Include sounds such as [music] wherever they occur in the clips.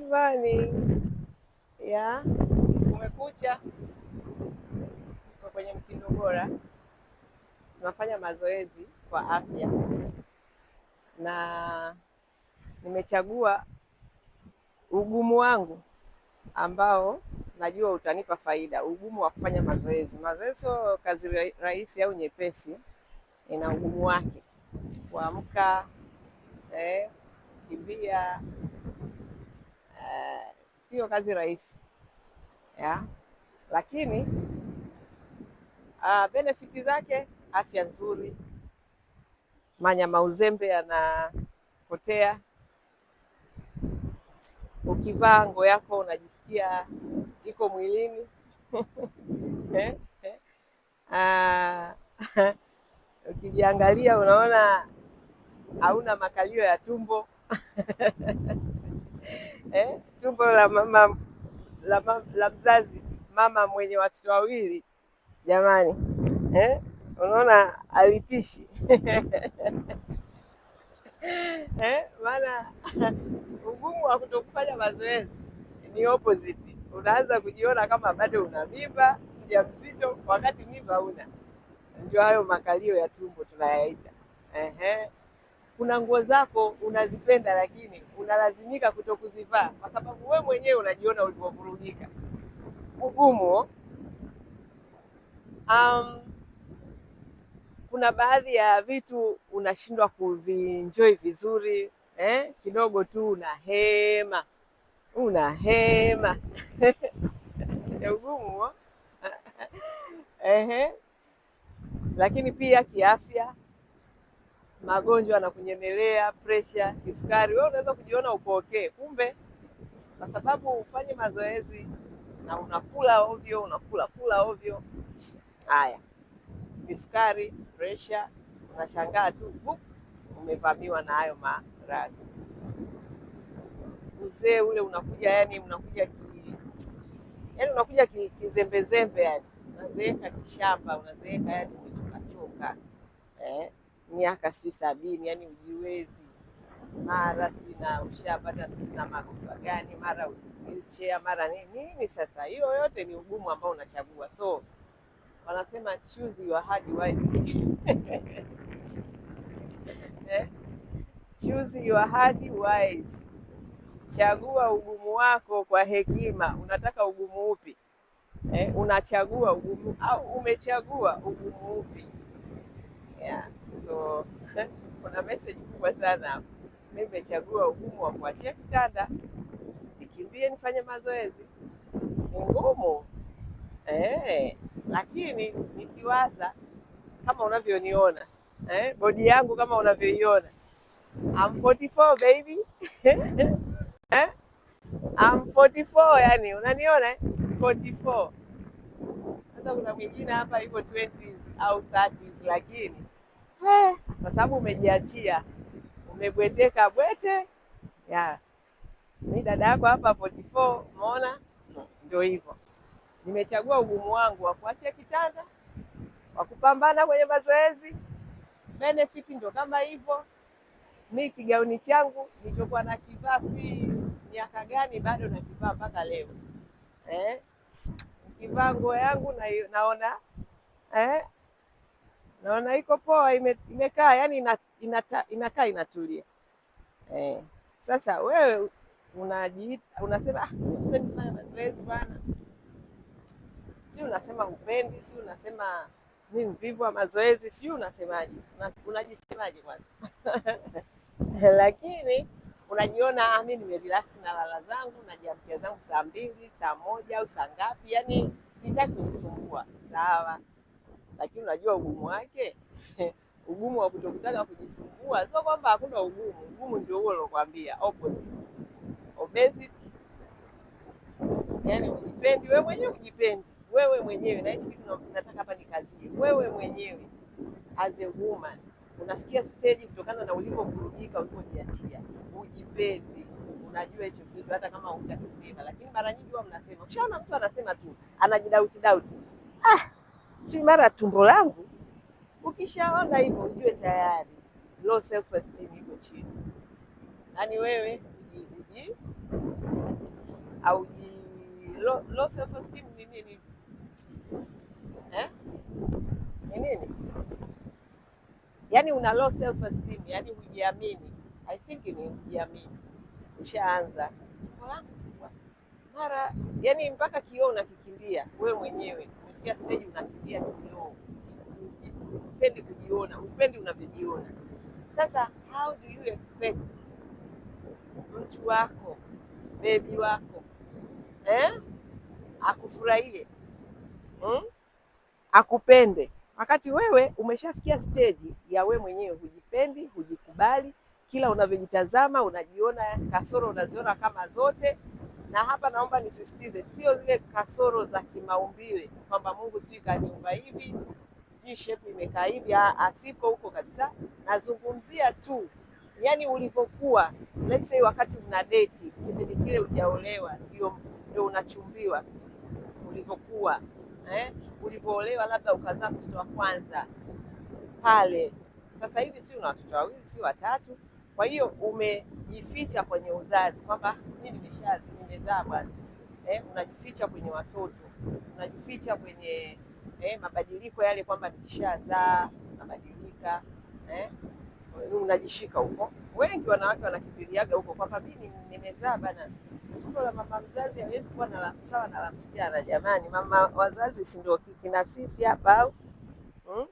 Good morning. Yeah. Umekucha. Tuko kwenye mtindo bora, tunafanya mazoezi kwa afya, na nimechagua ugumu wangu ambao najua utanipa faida, ugumu wa kufanya mazoezi. Mazoezi sio kazi rahisi au nyepesi, ina ugumu wake, kuamka eh, kimbia Eh, sio kazi rahisi ya, Lakini uh, ah, benefiti zake afya nzuri, manyama uzembe yanapotea, ukivaa nguo yako unajisikia iko mwilini uh, [laughs] [laughs] ukijiangalia unaona hauna makalio ya tumbo [laughs] eh, tumbo la mama la, la, la mzazi mama mwenye watoto wawili jamani, eh, unaona alitishi [laughs] eh, maana [laughs] ugumu wa kutokufanya mazoezi ni opposite. Unaanza kujiona kama bado una mimba ya mzito wakati mimba una. Ndio hayo makalio ya tumbo tunayaita, ehe kuna nguo zako unazipenda, lakini unalazimika kutokuzivaa kwa sababu wewe mwenyewe unajiona ulivyovurugika. Ugumu. Um, kuna baadhi ya vitu unashindwa kuvinjoi vizuri eh? Kidogo tu unahema unahema [laughs] ya ugumu [laughs] ehe. Lakini pia kiafya magonjwa yanakunyemelea, presha, kisukari, wewe unaweza kujiona uko okay, kumbe kwa sababu ufanye mazoezi na unakula ovyo, unakula kula ovyo, haya kisukari, presha, unashangaa tu umevamiwa na hayo maradhi. Uzee ule unakuja, yani unakuja ki, yani unakuja kizembezembe ki yani unazeeka kishamba, unazeeka yani umechokachoka eh miaka si sabini, yani ujiwezi, mara sina ushapata sina magonjwa gani, mara wheelchair, mara nini nini. Sasa hiyo yote ni ugumu ambao unachagua, so wanasema choose your hard wisely [laughs] eh? choose your hard wise, chagua ugumu wako kwa hekima. Unataka ugumu upi? Eh, unachagua ugumu au umechagua ugumu upi? Yaani, kuna message kubwa sana. Mimi nimechagua ugumu wa kuachia kitanda, nikimbie, nifanye mazoezi. Ni ngumu eh, lakini nikiwaza kama unavyoniona eh, bodi yangu kama unavyoiona I'm 44 baby [laughs] eh? I'm 44 yani, unaniona 44. Eh? Sasa kuna mwingine hapa yuko 20s au 30s lakini kwa sababu umejiachia, umebweteka bwete ya mi dada yako hapa 44 umeona, ndio hivyo. Nimechagua ugumu wangu wa kuachia kitanda, wa kupambana kwenye mazoezi. Benefit ndio kama hivyo. Mi kigauni changu nilichokuwa nakivaa si miaka gani, bado nakivaa mpaka leo eh? Kivaa nguo yangu na naona eh? naona iko poa, imekaa yani inakaa inatulia inatulia eh. Sasa wewe unajiita unasema ah, sipendi kufanya mazoezi bwana, si unasema upendi, si unasema mi mvivu wa mazoezi, si unasemaje, unajisemaje kwanza [laughs] lakini unajiona ah, mi nimerelax na lala zangu, najiamkia zangu saa mbili saa moja au saa ngapi, yani sitaki kusumbua, sawa lakini unajua ugumu wake [laughs] ugumu wa kutokutaka kujisumbua, sio kwamba hakuna ugumu. Ugumu ndio huo ulokwambia opposite, obesity, yani ujipendi wewe mwenyewe, ujipendi wewe mwenyewe. Na hichi kitu nataka hapa ni kazi wewe mwenyewe as a woman, unafikia stage kutokana na ulivyokurudika, ulivyojiachia, ujipendi. Unajua hicho kitu, hata kama hutakisema, lakini mara nyingi huwa mnasema. Ukishaona mtu anasema tu anajidauti dauti, ah si mara tumbo langu. Ukishaona hivyo ujue tayari low self esteem iko chini, nani wewe uji auji low, low self esteem ni nini eh? ni nini yaani, una low self esteem, yani hujiamini. I think ni hujiamini, ushaanza mara, yani mpaka kioo unakikimbia wewe mwenyewe unafikia stage unakimbia kioo, upendi kujiona, upendi unavyojiona. Sasa how do you expect mtu wako bebi wako eh, akufurahie hmm? akupende wakati wewe umeshafikia steji ya we mwenyewe hujipendi, hujikubali, kila unavyojitazama unajiona kasoro, unaziona kama zote na hapa naomba nisisitize, sio zile kasoro za kimaumbile kwamba Mungu sijui kaniumba hivi, sijui shepu imekaa hivi, asiko huko kabisa. Nazungumzia tu yani ulivyokuwa, let's say wakati una deti, kipindi kile hujaolewa, ndio ndio unachumbiwa, ulivyokuwa eh, ulivyoolewa, labda ukazaa mtoto wa kwanza pale. Sasa hivi si una watoto wawili, si watatu? Kwa hiyo umejificha kwenye uzazi kwamba mimi nimeshazaa umezaa bwana eh, unajificha kwenye watoto, unajificha kwenye eh, mabadiliko yale kwamba nikishazaa nabadilika eh, unajishika huko. Wengi wanawake wanakimbiliaga huko kwamba mimi nimezaa bana Tumbo la mama mzazi hawezi kuwa na la sawa na la msichana. Jamani, mama wazazi si ndio kina sisi hapa au hmm?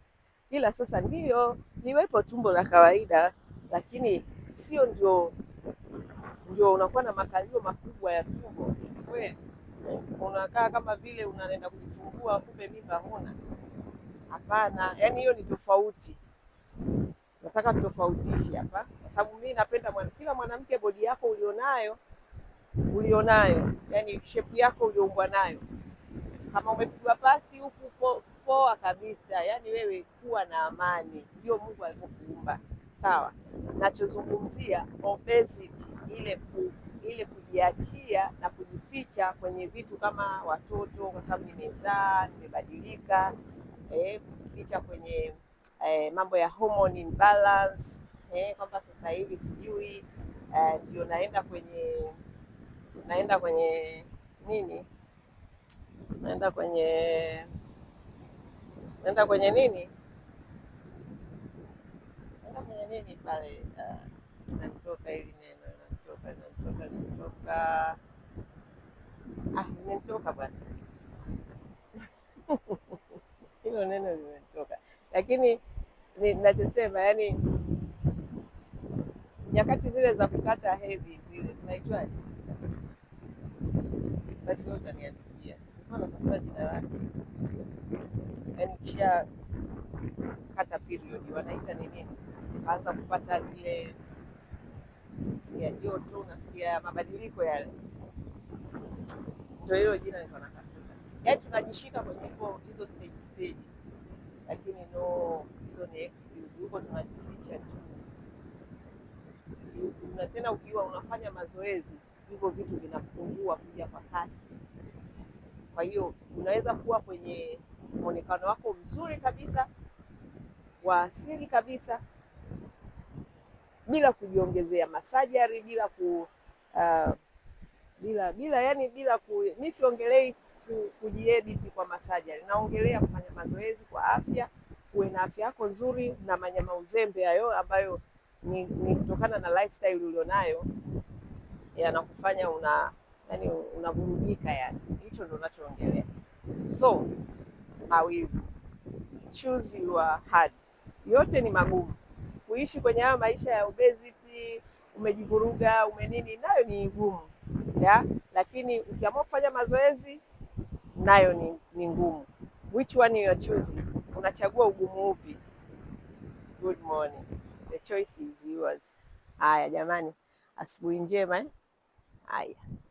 Ila sasa ndiyo niwepo tumbo la kawaida, lakini sio ndio ndio unakuwa na makalio makubwa ya tumbo kweli, unakaa kama vile unaenda kujifungua, kumbe mimba huna. Hapana, yani hiyo ni tofauti. Nataka tofautishe hapa, kwa sababu mimi napenda mwana, kila mwanamke bodi yako ulionayo ulionayo, yani shepu yako ulioumbwa nayo, kama umepigwa pasi huku poa kabisa, yani wewe kuwa na amani, ndio Mungu alivyokuumba sawa. Nachozungumzia obesity ile ku, ile kujiachia na kujificha kwenye vitu kama watoto, kwa sababu nimezaa, nimebadilika, eh, kujificha kwenye eh, mambo ya hormone imbalance eh, kwamba sasa hivi sijui eh, ndio eh, naenda kwenye naenda kwenye nini naenda kwenye naenda kwenye nini naenda kwenye nini pale, uh, natoka hivi kutoka ah. ah, nimetoka bwana [laughs] hilo neno limetoka, lakini ninachosema yani, nyakati zile za kukata hedhi zile zinaitwaje? Basi wewe utaniandikia natafuta jina lake, yani kisha kata period wanaita ni nini, anza kupata zile unasikia joto, unasikia mabadiliko yale. Ndio hilo jina niko natafuta, yaani tunajishika kwenye hizo stage stage, lakini no, hizo ni excuse. Huko tunajificha tu, na tena ukiwa unafanya mazoezi hivyo vitu vinapungua kuja kwa kasi. Kwa hiyo unaweza kuwa kwenye mwonekano wako mzuri kabisa wa asili kabisa bila kujiongezea masajari bila ku uh, bila bila yani bila ku, mi siongelei ku, kujiedit kwa masajari, naongelea kufanya mazoezi kwa afya, uwe na afya yako nzuri na manyama uzembe hayo ambayo ni, ni kutokana na lifestyle ulionayo yanakufanya una yani unavurugika yani, hicho ndo unachoongelea. So how you choose your hard, yote ni magumu kuishi kwenye haya maisha ya obesity, umejivuruga umenini, nayo ni ngumu ya, lakini ukiamua kufanya mazoezi nayo ni, ni ngumu. Which one you choose? Unachagua ugumu upi? Good morning, the choice is yours. Haya jamani, asubuhi njema eh? Haya.